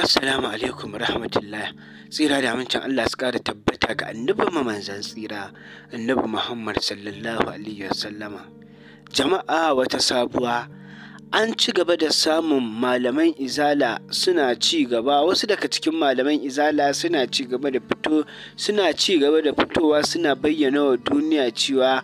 Assalamu alaikum rahmatullah. Tsira da amincin Allah su kara tabbata ga annabin manzan tsira, annabi Muhammad sallallahu alaihi wasallama. Jama'a wata sabuwa an ci gaba da samun malaman izala suna ci gaba wasu daga cikin malaman izala suna ci gaba da fito suna ci gaba da fitowa suna bayyana wa duniya cewa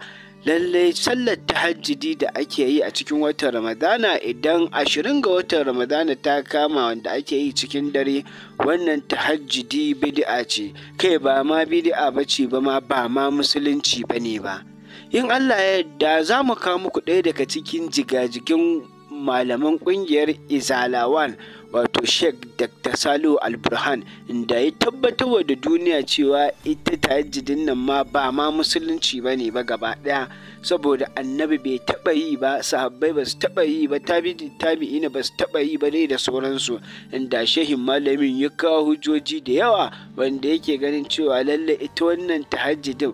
lallai sallar tahajjudi da ake yi a cikin watan ramadana idan ashirin ga watan ramadana ta kama wanda ake yi cikin dare wannan tahajjudi bid'a ce kai ba ma bid'a ba ce ba ma ba ma musulunci ba ne ba in allah ya yarda za mu kawo muku ɗaya daga cikin jigajigin malaman kungiyar izalawan wato sheikh dr salihu alburhan da ya tabbatarwa da duniya cewa ita tahajjudin nan ma ba ma musulunci ba ne ba gaba daya saboda annabi bai taɓa yi ba sahabbai ba su taɓa yi ba tabi'ina ba su taɓa yi ba dai da sauransu inda shehin malamin ya kawo hujjoji da yawa wanda yake ganin cewa lalle ita wannan tahajjudin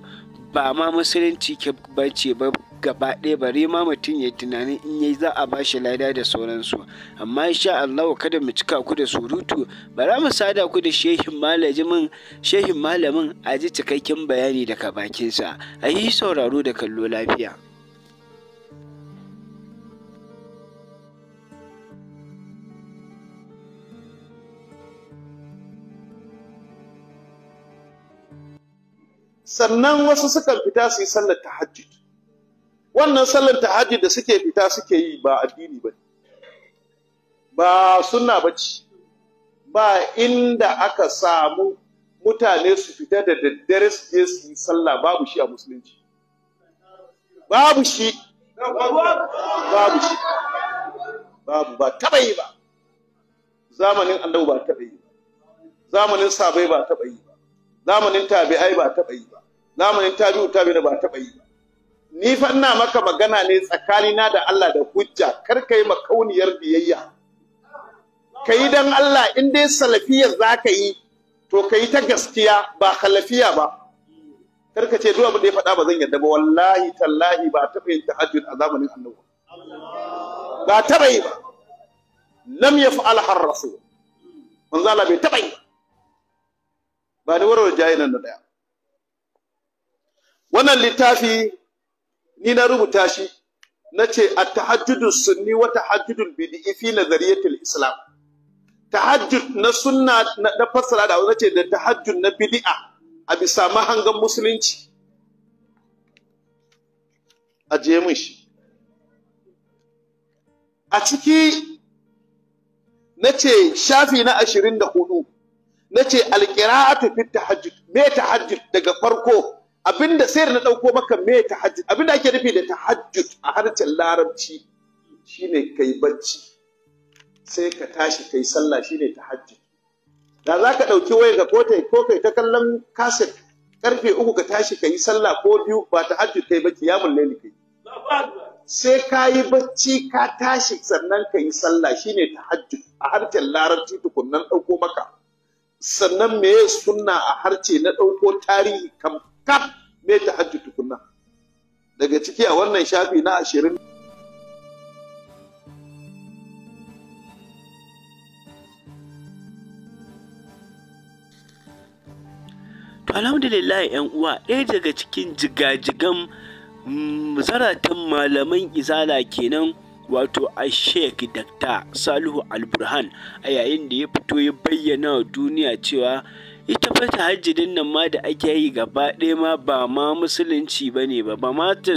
ba ma musulunci ba ce ba gaba ɗaya Bari ma mutum ya tunanin in yayi za a bashi lada da sauransu amma insha Allah kada mu cika ku da surutu bara mu sada ku da shehin malamin shehin malamin a ji cikakken bayani daga bakinsa a yi sauraro da kallo lafiya sannan wasu sukan fita su yi sallar tahajjud wannan sallar tahajjud da suke fita suke yi ba addini ba ba sunna bace ba inda aka samu mutane su fita da daddare su je su yi sallah babu shi a musulunci babu shi babu shi babu ba taba yi ba zamanin annabi ba taba yi ba zamanin sabai ba taba yi ba zamanin tabi'ai ba taba yi ba zamanin tabi'u tabi'u ba taba yi ba ni fa ina maka magana ne tsakanina da Allah da hujja kar ka yi makauniyar biyayya ka yi don Allah in dai salafiya za ka yi to ka yi ta gaskiya ba halafiya ba kar ka ce duk abin da ya faɗa ba zan yadda ba wallahi tallahi ba ta fahimta tahajjud a zamanin annabi ba ta bai ba lam fa'al har rasul manzo Allah bai ta bai ba ni warware nan da daya wannan littafi ni na rubuta shi na ce a tahajjudun sunni wa tahajjudul bid'i fi nazariyatul islam tahajjud na sunna na fassara da na ce da tahajjud na bid'a a bisa mahangan musulunci A mun shi a ciki na ce shafi na ashirin da hudu na ce alƙira'atu fi tahajjud me tahajjud daga farko abinda sayar na ɗauko maka me tahajjud abinda ake nufi da tahajjud a harshen larabci shine kai bacci sai ka tashi kai sallah shine tahajjud da za ka ɗauki wayar ga kotai ko kai ta kallon kaset karfe uku ka tashi ka yi sallah ko biyu ba tahajjud kai ba kiyamul ni kai sai ka yi bacci ka tashi sannan ka yi sallah shine tahajjud a harshen larabci tukunnan ɗauko maka sannan me sunna a harce na ɗauko tarihi kam kaf me hajji tukunna daga ciki a wannan shafi na ashirin alhamdulillah yan uwa ɗaya daga cikin jigajigan mm, zaratan malaman izala kenan wato a sheik dakta salihu alburhan a yayin da ya fito ya bayyana wa duniya cewa ita fa tahajjudin nan ma da ake yi gaba ɗaya ma ba ma musulunci ba ne ba ba ma ta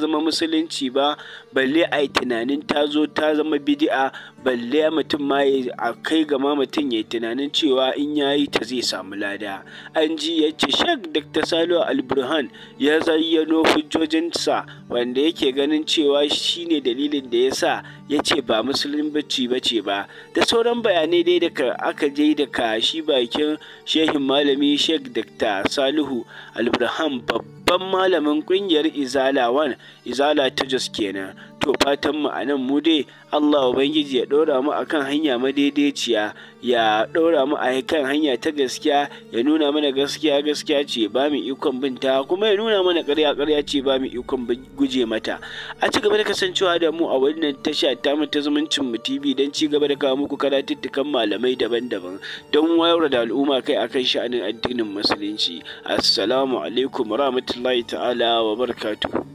zama musulunci ba balle a yi tunanin ta zo ta zama bidi'a balle mutum ma ya a kai gama mutum ya yi tunanin cewa in ya yi ta zai samu lada an ji ya ce shek dr salo alburhan ya zayyano hujjojinsa wanda yake ganin cewa shine dalilin da ya sa ya ce ba musulun bacci ba ce ba da sauran bayanai dai da aka je daga shi bakin shehin malami shek dr salihu alburhan babba babban malamin ƙungiyar Izala One, Izala ta Jos kenan. To fatan mu anan mu dai Allah Ubangiji ya ɗora mu akan hanya madaidaiciya, ya ɗora mu a kan hanya ta gaskiya, ya nuna mana gaskiya gaskiya ce ba mu ikon binta, kuma ya nuna mana ƙarya ƙarya ce ba mu ikon guje mata. A ci gaba da kasancewa da mu a wannan tasha ta mu ta zumuncin mu TV don ci gaba da kawo muku karatuttukan malamai daban-daban don wayar da al'umma kai akan sha'anin addinin musulunci. Assalamu alaikum rahmatullahi rahmatullahi ta'ala wa